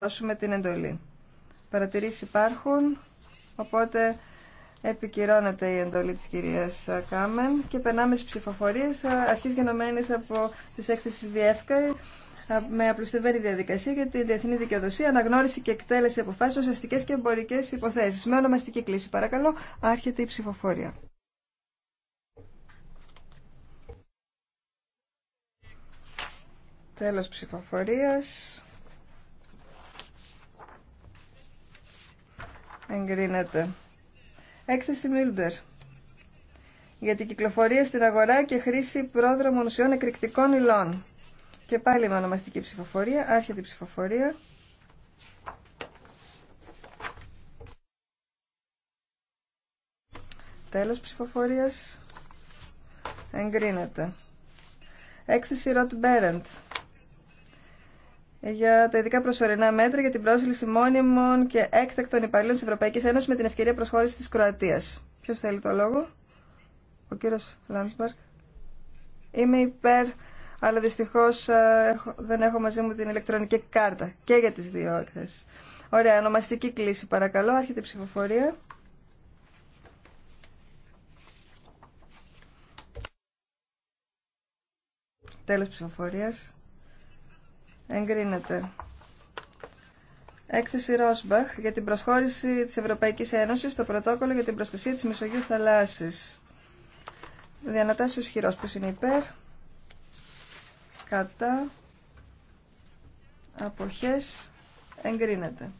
δώσουμε την εντολή. Παρατηρήσεις υπάρχουν, οπότε επικυρώνεται η εντολή της κυρίας Κάμεν και περνάμε στις ψηφοφορίες αρχής γενομένης από τις έκθεσεις Βιέφκα με απλουστευμένη διαδικασία για τη διεθνή δικαιοδοσία, αναγνώριση και εκτέλεση αποφάσεων σε αστικές και εμπορικές υποθέσεις. Με ονομαστική κλίση παρακαλώ, άρχεται η ψηφοφορία. Τέλος ψηφοφορίας. Εγκρίνεται. Έκθεση Μίλντερ. Για την κυκλοφορία στην αγορά και χρήση πρόδρομων ουσιών εκρηκτικών υλών. Και πάλι με ονομαστική ψηφοφορία. Άρχεται η ψηφοφορία. Τέλος ψηφοφορίας. Εγκρίνεται. Έκθεση Ροτ Μπέρεντ. Ε, για τα ειδικά προσωρινά μέτρα για την πρόσληση μόνιμων και έκτακτων υπαλλήλων τη Ευρωπαϊκή Ένωση με την ευκαιρία προσχώρηση τη Κροατία. Ποιο θέλει το λόγο, ο κύριο Λάντσμπαρκ. Είμαι υπέρ, αλλά δυστυχώ ε, δεν έχω μαζί μου την ηλεκτρονική κάρτα και για τι δύο εκθέσει. Ωραία, ονομαστική κλίση παρακαλώ, άρχεται η ψηφοφορία. Τέλος ψηφοφορίας. Εγκρίνεται. Έκθεση Ρόσμπαχ για την προσχώρηση της Ευρωπαϊκής Ένωσης στο πρωτόκολλο για την προστασία της Μεσογείου θαλάσσης. Διανατάσεις Ισχυρός που είναι υπέρ. Κατά. Αποχές. Εγκρίνεται.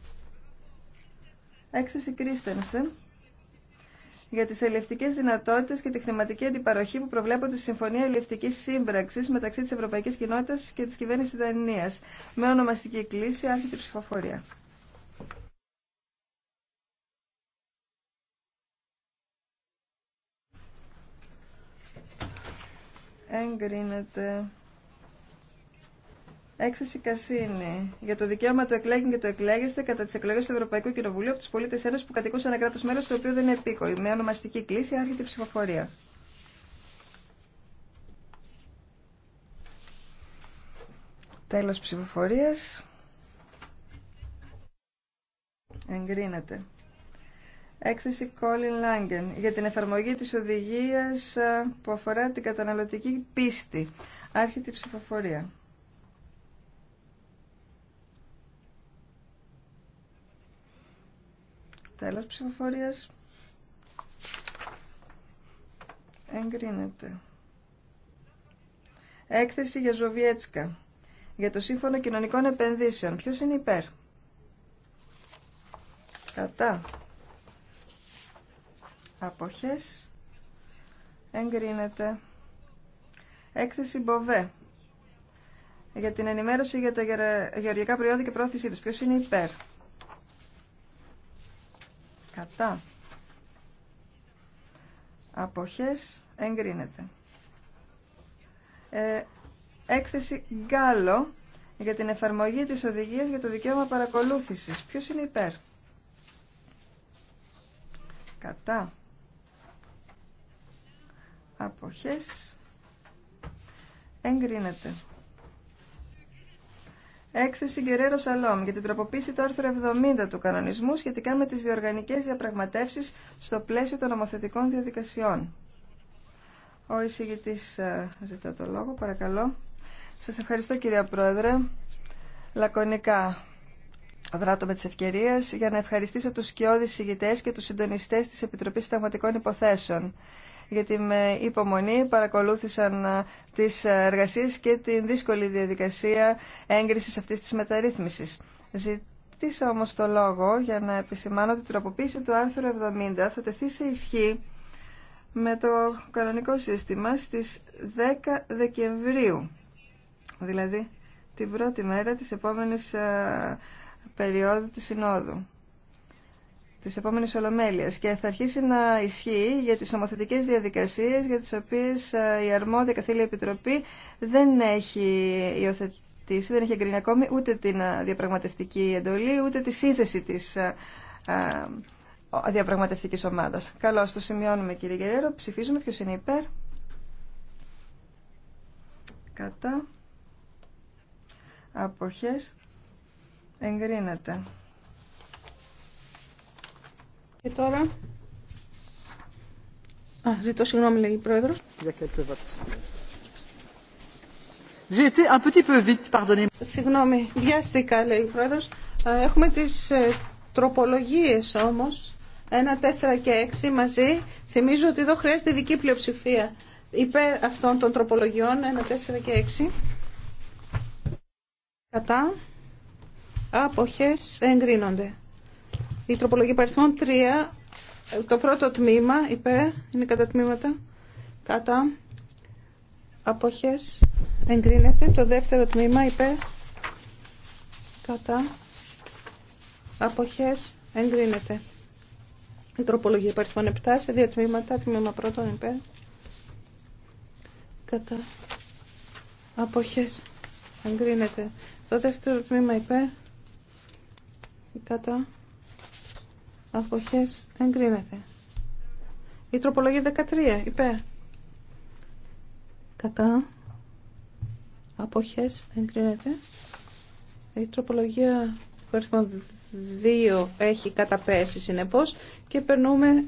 Έκθεση Κρίστενσεν για τις ελευτικέ δυνατότητες και τη χρηματική αντιπαροχή που προβλέπονται στη Συμφωνία ελευτική Σύμπραξης μεταξύ της Ευρωπαϊκής Κοινότητας και της κυβέρνηση Ιδανία Με ονομαστική κλίση άρχεται ψηφοφορία. Εγκρίνεται. Έκθεση Κασίνη. Για το δικαίωμα του εκλέγην και του εκλέγεστε κατά τι εκλογέ του Ευρωπαϊκού Κοινοβουλίου από του πολίτε Ένωση που κατοικούν ένα κράτο μέρο το οποίο δεν είναι επίκοη. Με ονομαστική κλίση άρχεται η ψηφοφορία. Τέλος ψηφοφορία. Εγκρίνεται. Έκθεση Colin Langen για την εφαρμογή της οδηγίας ε, που αφορά την καταναλωτική πίστη. Άρχεται η ψηφοφορία. Τέλος ψηφοφορίας. Εγκρίνεται. Έκθεση για Ζωβιέτσκα. Για το Σύμφωνο Κοινωνικών Επενδύσεων. Ποιος είναι υπέρ. Κατά. Αποχές. Εγκρίνεται. Έκθεση Μποβέ. Για την ενημέρωση για τα γεωργικά προϊόντα και πρόθεσή τους. Ποιος είναι υπέρ. Κατά. Αποχές εγκρίνεται. Ε, έκθεση Γκάλο για την εφαρμογή της οδηγίας για το δικαίωμα παρακολούθησης. Ποιος είναι υπέρ. Κατά. Αποχές εγκρίνεται. Έκθεση Γκερέρο Σαλόμ για την τροποποίηση του άρθρου 70 του κανονισμού σχετικά με τις διοργανικές διαπραγματεύσεις στο πλαίσιο των νομοθετικών διαδικασιών. Ο εισηγητή ε, ζητά το λόγο, παρακαλώ. Σα ευχαριστώ κυρία Πρόεδρε. Λακωνικά δράτω με τι ευκαιρίε για να ευχαριστήσω τους σκιώδει εισηγητέ και του συντονιστέ τη Επιτροπή Συνταγματικών Υποθέσεων γιατί με υπομονή παρακολούθησαν ε, τις εργασίες και την δύσκολη διαδικασία έγκρισης αυτής της μεταρρύθμισης. Ζητήσα όμως το λόγο για να επισημάνω ότι η τροποποίηση του άρθρου 70 θα τεθεί σε ισχύ με το κανονικό σύστημα στις 10 Δεκεμβρίου, δηλαδή την πρώτη μέρα της επόμενης ε, περίοδου του Συνόδου της επόμενης Ολομέλειας και θα αρχίσει να ισχύει για τις νομοθετικές διαδικασίες για τις οποίες ε, η αρμόδια καθήλια επιτροπή δεν έχει υιοθετήσει, δεν έχει εγκρίνει ακόμη ούτε την ε, διαπραγματευτική εντολή, ούτε τη σύνθεση της ε, διαπραγματευτικής ομάδας. Καλώ το σημειώνουμε κύριε Γερέρο, ψηφίζουμε ποιο είναι υπέρ. Κατά. Αποχές. Εγκρίνεται. Και τώρα... ζητώ συγγνώμη, λέει η Πρόεδρος. Συγγνώμη, βιάστηκα, λέει η Πρόεδρος. Έχουμε τι ε, τροπολογίες όμω, 1, 4 και 6 μαζί. Θυμίζω ότι εδώ χρειάζεται ειδική πλειοψηφία υπέρ αυτών των τροπολογιών, 1, 4 και 6. Κατά. απόχέ, εγκρίνονται. Η τροπολογία παριθμών 3, το πρώτο τμήμα υπέρ, είναι κατά τμήματα, κατά αποχές εγκρίνεται. Το δεύτερο τμήμα υπέρ, κατά αποχές εγκρίνεται. Η τροπολογία παριθμών 7 σε δύο τμήματα, τμήμα πρώτο υπέρ, κατά αποχές εγκρίνεται. Το δεύτερο τμήμα υπέρ, κατά αποχές εγκρίνεται. Η τροπολογία 13 υπέρ. Κατά αποχές εγκρίνεται. Η τροπολογία αριθμού 2 έχει καταπέσει συνεπώ και περνούμε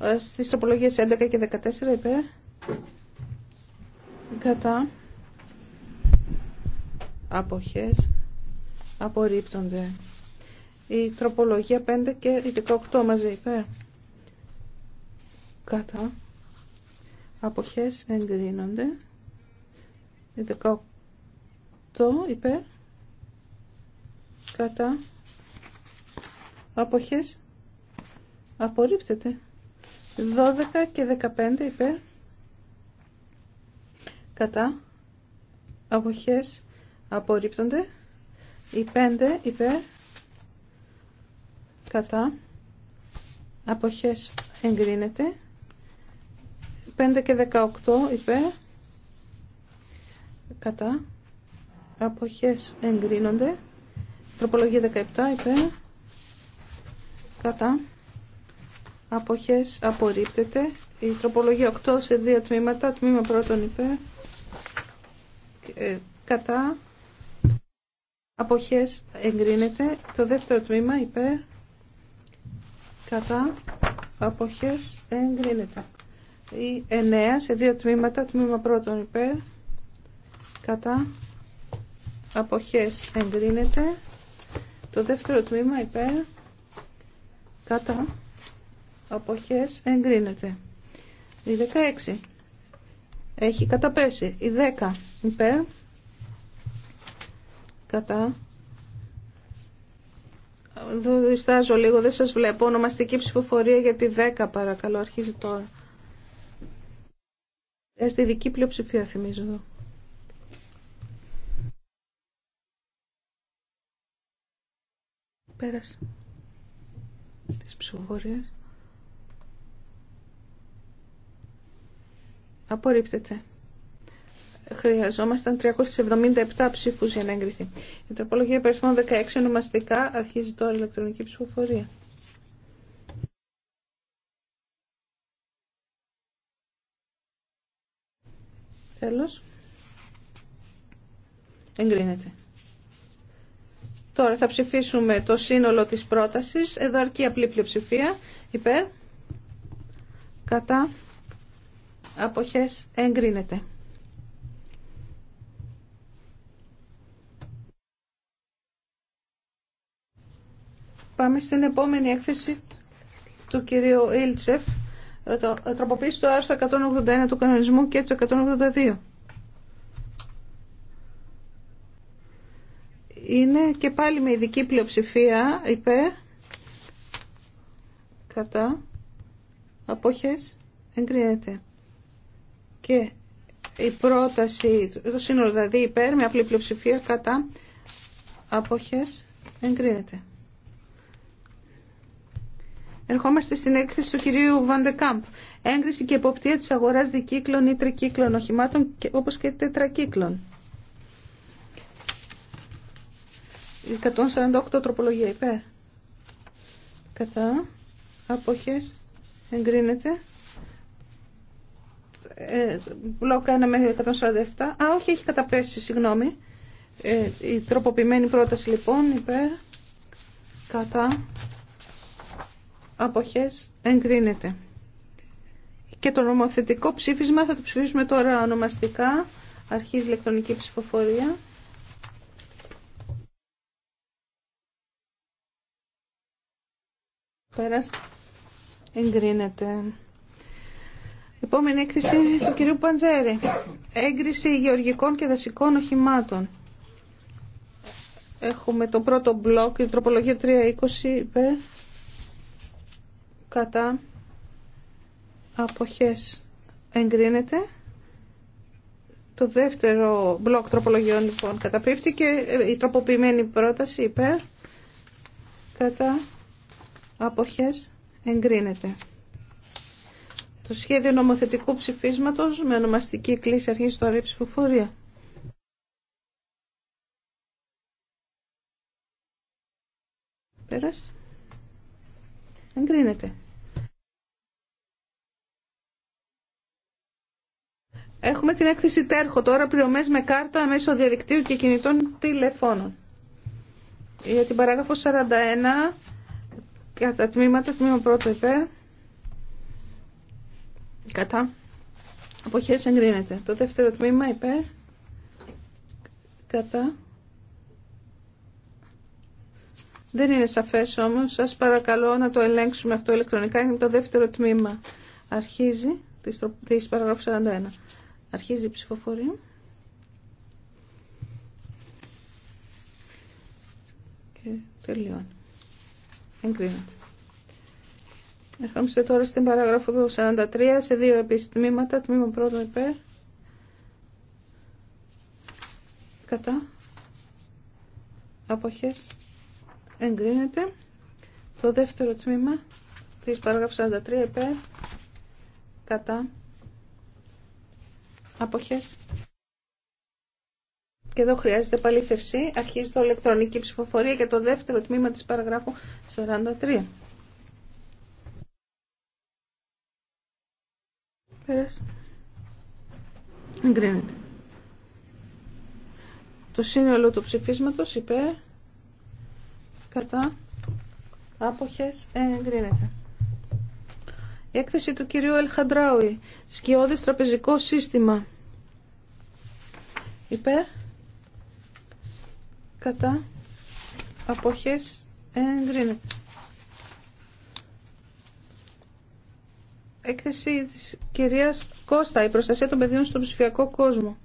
ε, στι τροπολογίε 11 και 14 υπέρ. Κατά αποχές απορρίπτονται η τροπολογία 5 και η 18 μαζί υπέρ κατά αποχές εγκρίνονται η 18 υπέρ κατά αποχές απορρίπτεται 12 και 15 υπέρ κατά αποχές απορρίπτονται η 5 υπέρ κατά αποχές εγκρίνεται 5 και 18 υπέρ κατά αποχές εγκρίνονται τροπολογία 17 υπέρ κατά αποχές απορρίπτεται η τροπολογία 8 σε δύο τμήματα τμήμα πρώτον υπέρ ε, κατά αποχές εγκρίνεται το δεύτερο τμήμα υπέρ κατά αποχές εγκρίνεται. Η 9 σε δύο τμήματα, τμήμα πρώτον υπέρ, κατά αποχές εγκρίνεται. Το δεύτερο τμήμα υπέρ, κατά αποχές εγκρίνεται. Η 16 έχει καταπέσει. Η 10 υπέρ, κατά διστάζω λίγο, δεν σας βλέπω. Ονομαστική ψηφοφορία για τη 10 παρακαλώ, αρχίζει τώρα. Ε, στη δική πλειοψηφία θυμίζω εδώ. Πέρασε. Τις ψηφοφορίες. Απορρίπτεται χρειαζόμασταν 377 ψήφους για να εγκριθεί. Η τροπολογία περισσότερων 16 ονομαστικά αρχίζει τώρα ηλεκτρονική ψηφοφορία. Τέλος. Εγκρίνεται. Τώρα θα ψηφίσουμε το σύνολο της πρότασης. Εδώ αρκεί απλή πλειοψηφία. Υπέρ. Κατά. Αποχές εγκρίνεται. Πάμε στην επόμενη έκθεση του κυρίου Ήλτσεφ, ε, το, ε, τροποποίηση του άρθρου 181 του κανονισμού και του 182. Είναι και πάλι με ειδική πλειοψηφία υπέρ, κατά, απόχες, εγκριέται. Και η πρόταση, το σύνολο δηλαδή υπέρ, με απλή πλειοψηφία κατά, απόχες, εγκρίνεται. Ερχόμαστε στην έκθεση του κυρίου Βαντεκάμπ. Έγκριση και εποπτεία της αγοράς δικύκλων ή τρικύκλων οχημάτων όπως και τετρακύκλων. 148 τροπολογία υπέρ. Κατά. Αποχές. Εγκρίνεται. Ε, μπλοκ 1 μέχρι 147. Α, όχι, έχει καταπέσει, συγγνώμη. Ε, η τροποποιημένη πρόταση λοιπόν υπέρ. Κατά αποχές εγκρίνεται. Και το νομοθετικό ψήφισμα θα το ψηφίσουμε τώρα ονομαστικά. Αρχίζει ηλεκτρονική ψηφοφορία. Πέρας εγκρίνεται. Επόμενη έκθεση του κυρίου Παντζέρη. Έγκριση γεωργικών και δασικών οχημάτων. Έχουμε το πρώτο μπλοκ, η τροπολογία 320 υπέρ κατά αποχές εγκρίνεται. Το δεύτερο μπλοκ τροπολογιών λοιπόν καταπίπτει ε, η τροποποιημένη πρόταση υπέρ κατά αποχές εγκρίνεται. Το σχέδιο νομοθετικού ψηφίσματος με ονομαστική κλίση αρχής του η ψηφοφορία. Πέρασε. Εγκρίνεται. Έχουμε την έκθεση Τέρχο τώρα πληρωμές με κάρτα μέσω διαδικτύου και κινητών τηλεφώνων. Για την παράγραφο 41 κατά τμήματα, τμήμα πρώτο υπέρ. Κατά. Αποχές εγκρίνεται. Το δεύτερο τμήμα υπέρ. Κατά. Δεν είναι σαφές όμως. Σας παρακαλώ να το ελέγξουμε αυτό ηλεκτρονικά. Είναι το δεύτερο τμήμα. Αρχίζει της παραγράφου 41. Αρχίζει η ψηφοφορία. Και τελειώνει. Εγκρίνεται. Ερχόμαστε τώρα στην παράγραφο 43 σε δύο τμήματα. Τμήμα πρώτο υπέρ. Κατά. Αποχές εγκρίνεται το δεύτερο τμήμα της παράγραφου 43 υπέρ κατά αποχές και εδώ χρειάζεται παλήθευση αρχίζει το ηλεκτρονική ψηφοφορία για το δεύτερο τμήμα της παραγράφου 43 Εγκρίνεται. Το σύνολο του ψηφίσματος υπέρ κατά άποχες εγκρίνεται. Η έκθεση του κυρίου Ελχαντράουι, σκιώδης τραπεζικό σύστημα. Υπέρ, κατά, αποχές, εγκρίνεται. Έκθεση της κυρίας Κώστα, η προστασία των παιδιών στον ψηφιακό κόσμο.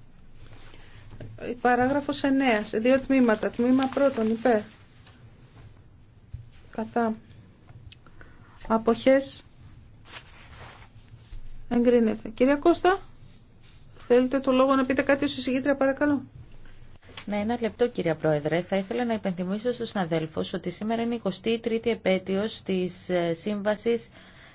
Η παράγραφος 9, σε δύο τμήματα. Τμήμα πρώτον, υπέρ κατά αποχές εγκρίνεται. Κυρία Κώστα, θέλετε το λόγο να πείτε κάτι ως εισηγήτρια παρακαλώ. Ναι, ένα λεπτό κυρία Πρόεδρε. Θα ήθελα να υπενθυμίσω στους αδέλφους ότι σήμερα είναι η 23η επέτειος της ε, σύμβασης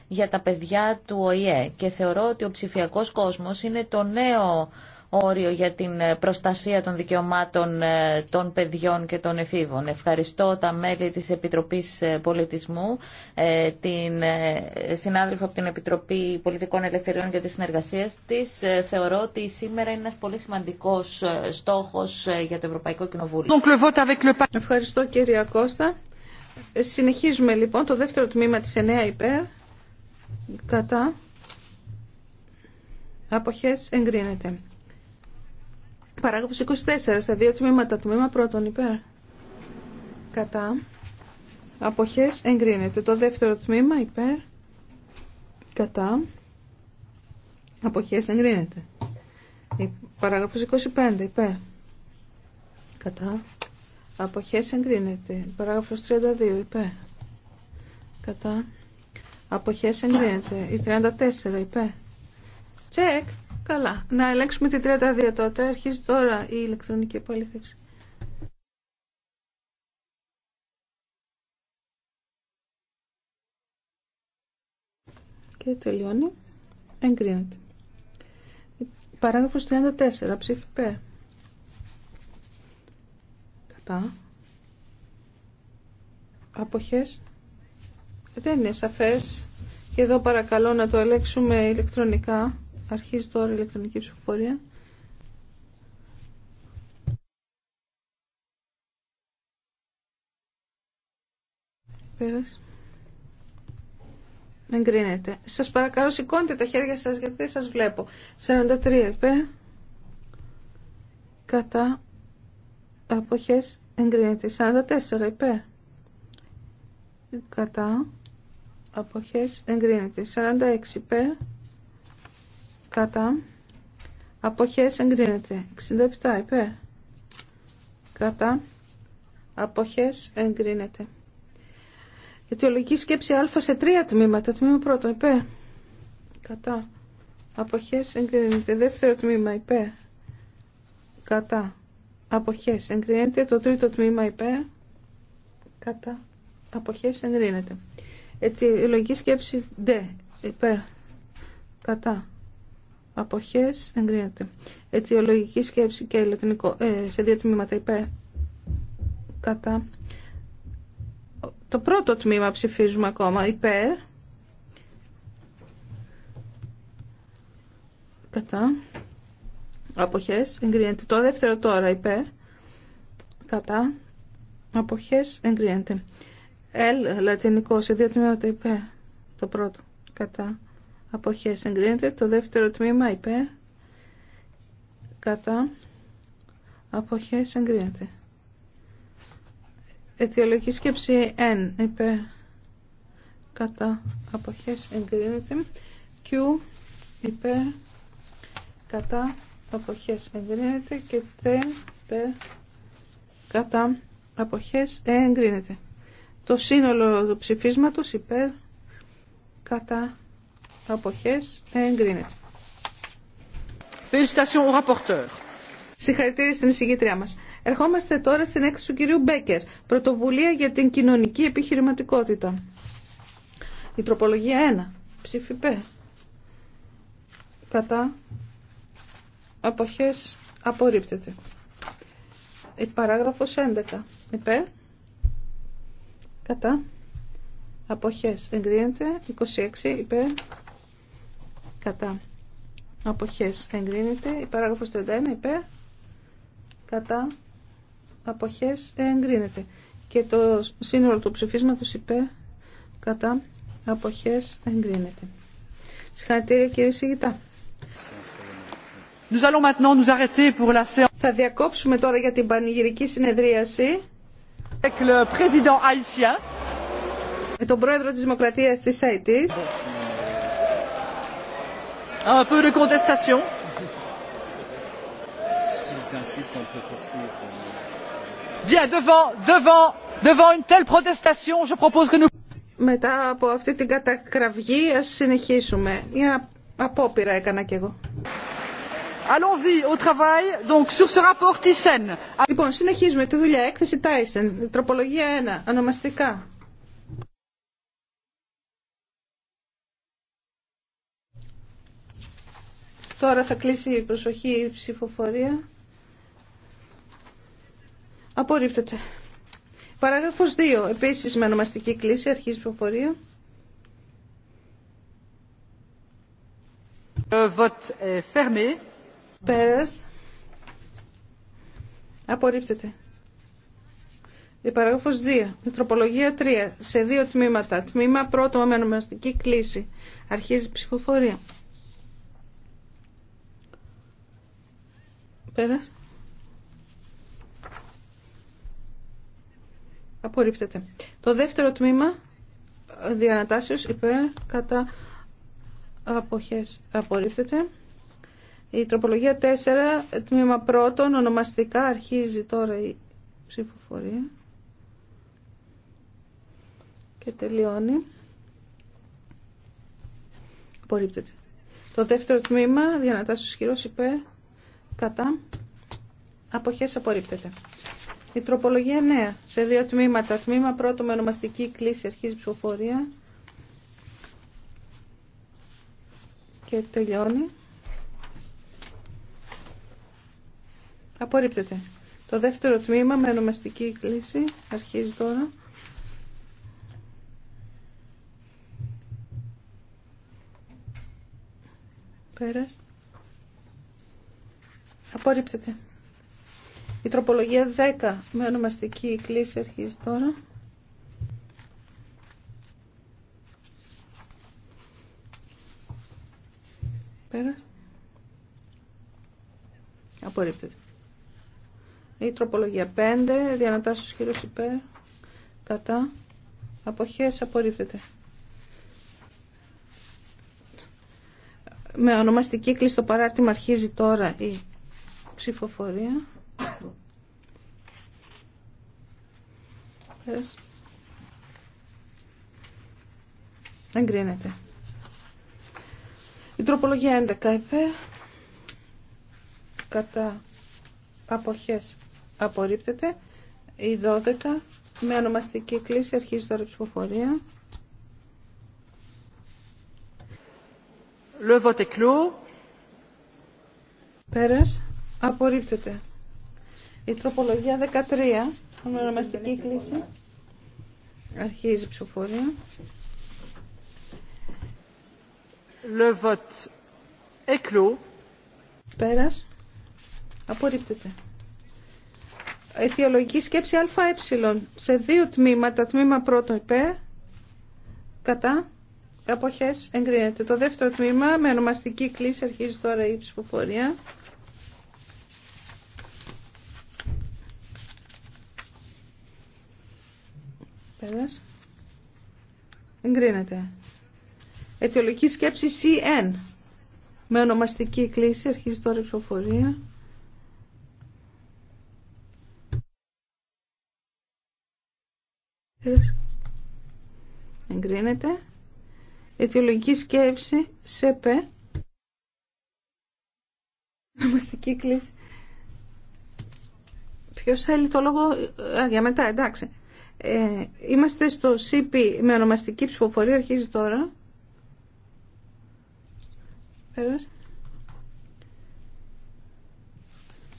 για τα παιδιά του ΟΗΕ και θεωρώ ότι ο ψηφιακός κόσμος είναι το νέο όριο για την ε, προστασία των δικαιωμάτων ε, των παιδιών και των εφήβων. Ευχαριστώ τα μέλη της Επιτροπής ε, Πολιτισμού, την συνάδελφο από την Επιτροπή Πολιτικών Ελευθεριών για τις Συνεργασίες της. Θεωρώ ότι σήμερα είναι ένας πολύ σημαντικός στόχος για το Ευρωπαϊκό Κοινοβούλιο. Ευχαριστώ κύριε Κώστα. Συνεχίζουμε λοιπόν το δεύτερο τμήμα της ΕΝΕΑ υπέρ κατά αποχές εγκρίνεται. Παράγραφος 24, στα δύο τμήματα. Τμήμα πρώτον υπέρ. Κατά. Αποχές εγκρίνεται. Το δεύτερο τμήμα υπέρ. Κατά. Αποχές εγκρίνεται. Παράγραφος 25 υπέρ. Κατά. Αποχές εγκρίνεται. Παράγραφος 32 υπέρ. Κατά. Αποχές εγκρίνεται. Η 34 υπέρ. Τσεκ. Καλά. Να ελέγξουμε την 32 τότε. Αρχίζει τώρα η ηλεκτρονική επαλήθευση. Και τελειώνει. Εγκρίνεται. Παράγραφος 34. Ψήφι Π. Κατά. Αποχές. Ε, δεν είναι σαφές. Και εδώ παρακαλώ να το ελέγξουμε ηλεκτρονικά. Αρχίζει τώρα η ηλεκτρονική ψηφοφορία. Πέρας. Εγκρίνεται. Σας παρακαλώ σηκώντε τα χέρια σας γιατί δεν σας βλέπω. 43 επέ Κατά. Αποχές εγκρίνεται. 44 επέ Κατά. Αποχές εγκρίνεται. 46 υπέρ κατά αποχές εγκρίνεται 67 υπέρ κατά αποχές εγκρίνεται αιτιολογική σκέψη α σε τρία τμήματα τμήμα πρώτο υπέρ κατά αποχές εγκρίνεται δεύτερο τμήμα υπέρ κατά αποχές εγκρίνεται το τρίτο τμήμα υπέρ κατά αποχές εγκρίνεται αιτιολογική σκέψη Δ, υπέρ κατά Αποχές εγκρίνεται. Αιτιολογική σκέψη και λατινικό ε, σε δύο τμήματα υπέρ. Κατά. Το πρώτο τμήμα ψηφίζουμε ακόμα υπέρ. Κατά. Αποχές εγκρίνεται. Το δεύτερο τώρα υπέρ. Κατά. Αποχές εγκρίνεται. Ελ λατινικό σε δύο τμήματα υπέρ. Το πρώτο. Κατά αποχές εγκρίνεται. Το δεύτερο τμήμα υπέρ κατά αποχές εγκρίνεται. Αιτιολογική σκέψη N υπέρ κατά αποχές εγκρίνεται. Q υπέρ κατά αποχές εγκρίνεται και T υπέρ κατά αποχές εγκρίνεται. Το σύνολο του ψηφίσματος υπέρ κατά αποχές εγκρίνεται. Συγχαρητήρια στην εισηγήτριά μας. Ερχόμαστε τώρα στην έκθεση του κυρίου Μπέκερ. Πρωτοβουλία για την κοινωνική επιχειρηματικότητα. Η τροπολογία 1. Ψήφι Π. Κατά. Αποχές απορρίπτεται. Η παράγραφος 11. Υπέ. Κατά. Αποχές εγκρίνεται. 26. Υπέρ κατά αποχές εγκρίνεται. Η παράγραφος 31 υπέρ κατά αποχές εγκρίνεται. Και το σύνολο του ψηφίσματος υπέρ κατά αποχές εγκρίνεται. Συγχαρητήρια κύριε Σιγητά. Nous allons maintenant nous arrêter pour la séance. Θα διακόψουμε τώρα για την πανηγυρική συνεδρίαση. le président haïtien. Με τον πρόεδρο της Δημοκρατίας της Αιτής. Un peu de contestation. S'ils insistent, on peut poursuivre. Bien, devant, devant, devant une telle protestation, je propose que nous... Μετά από αυτή την κατακραυγή ας συνεχίσουμε. Μια απόπειρα έκανα κι εγώ. Allons-y au travail, donc sur ce rapport Thyssen. Λοιπόν, συνεχίζουμε τη δουλειά. Έκθεση Tyson, τροπολογία 1, ονομαστικά. Τώρα θα κλείσει η προσοχή η ψηφοφορία. Απορρίπτεται. Παράγραφος 2. Επίσης με ονομαστική κλίση αρχής ψηφοφορία. Le vote Πέρας. Απορρίπτεται. Η παράγραφος 2. Μητροπολογία 3. Σε δύο τμήματα. Τμήμα πρώτο με ονομαστική κλίση. Αρχίζει η ψηφοφορία. Πέρας. Το δεύτερο τμήμα διανατάσεως υπέρ κατά αποχές απορρίπτεται. Η τροπολογία 4, τμήμα πρώτον, ονομαστικά αρχίζει τώρα η ψηφοφορία και τελειώνει. Απορρίπτεται. Το δεύτερο τμήμα, διανατάσσεως χειρός υπέρ κατά αποχές απορρίπτεται. Η τροπολογία νέα σε δύο τμήματα. Τμήμα πρώτο με ονομαστική κλίση αρχής ψηφοφορία και τελειώνει. Απορρίπτεται. Το δεύτερο τμήμα με ονομαστική κλίση αρχίζει τώρα. Πέρασε. Απορρίπτεται. Η τροπολογία 10 με ονομαστική κλίση αρχίζει τώρα. Πέρα. Απορρίπτεται. Η τροπολογία 5, διανατάσσεως χειρός υπέρ, κατά, αποχές απορρίπτεται. Με ονομαστική κλίση το παράρτημα αρχίζει τώρα η Ψηφοφορία. Δεν κρίνεται. Η τροπολογία 11 είπε Κατά αποχές απορρίπτεται. Η 12 με ονομαστική κλίση αρχίζει τώρα η ψηφοφορία. Le vote est clos. Pérez. Απορρίπτεται. Η τροπολογία 13, ονομαστική κλίση. Αρχίζει η ψηφοφορία. Le vote est clos. Πέρας. Απορρίπτεται. Αιτιολογική σκέψη ΑΕ σε δύο τμήματα. Τμήμα πρώτο υπέρ, κατά, αποχές εγκρίνεται. Το δεύτερο τμήμα με ονομαστική κλίση αρχίζει τώρα η ψηφοφορία. Πέρας. Εγκρίνεται. Αιτιολογική σκέψη CN. Με ονομαστική κλίση αρχίζει τώρα η ψηφοφορία. Εγκρίνεται. Αιτιολογική σκέψη ΣΕΠΕ. Ονομαστική κλίση. Ποιος θέλει το λόγο... Ε, για μετά, εντάξει. Ε, είμαστε στο ΣΥΠΗ με ονομαστική ψηφοφορία, αρχίζει τώρα.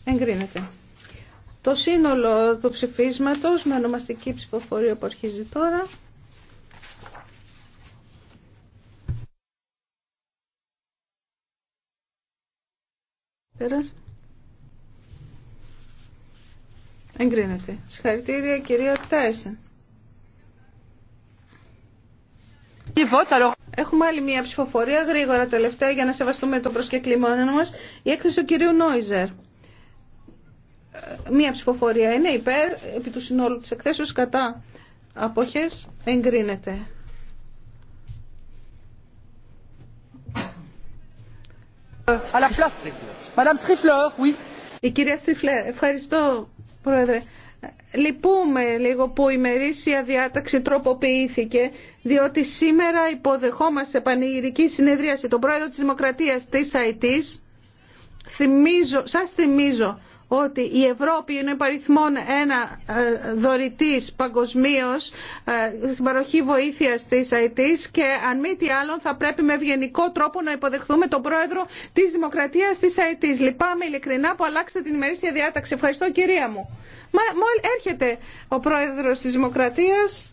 Εγκρίνεται. Το σύνολο του ψηφίσματος με ονομαστική ψηφοφορία που αρχίζει τώρα. Πέρασε. Εγκρίνεται. Συγχαρητήρια κυρία Τάισεν. Έχουμε άλλη μια ψηφοφορία γρήγορα τελευταία για να σεβαστούμε το προσκεκλημένο μας. Η έκθεση του κυρίου Νόιζερ. Ε, μία ψηφοφορία είναι υπέρ, επί του συνόλου της εκθέσεως κατά αποχές εγκρίνεται. Ε, Η κυρία Στριφλέ, ευχαριστώ Πρόεδρε, λυπούμε λίγο που η μερίσια διάταξη τροποποιήθηκε, διότι σήμερα υποδεχόμαστε πανηγυρική συνεδρίαση τον πρόεδρο της Δημοκρατίας της ΑΕΤΗΣ. Θυμίζω, σας θυμίζω ότι η Ευρώπη είναι παριθμόν ένα ε, δωρητής παγκοσμίω ε, στην παροχή βοήθειας της ΑΕΤ και αν μη τι άλλο θα πρέπει με ευγενικό τρόπο να υποδεχθούμε τον πρόεδρο της Δημοκρατίας της ΑΕΤ. Λυπάμαι ειλικρινά που αλλάξατε την ημερήσια διάταξη. Ευχαριστώ κυρία μου. Μα, μόλι έρχεται ο πρόεδρος της Δημοκρατίας.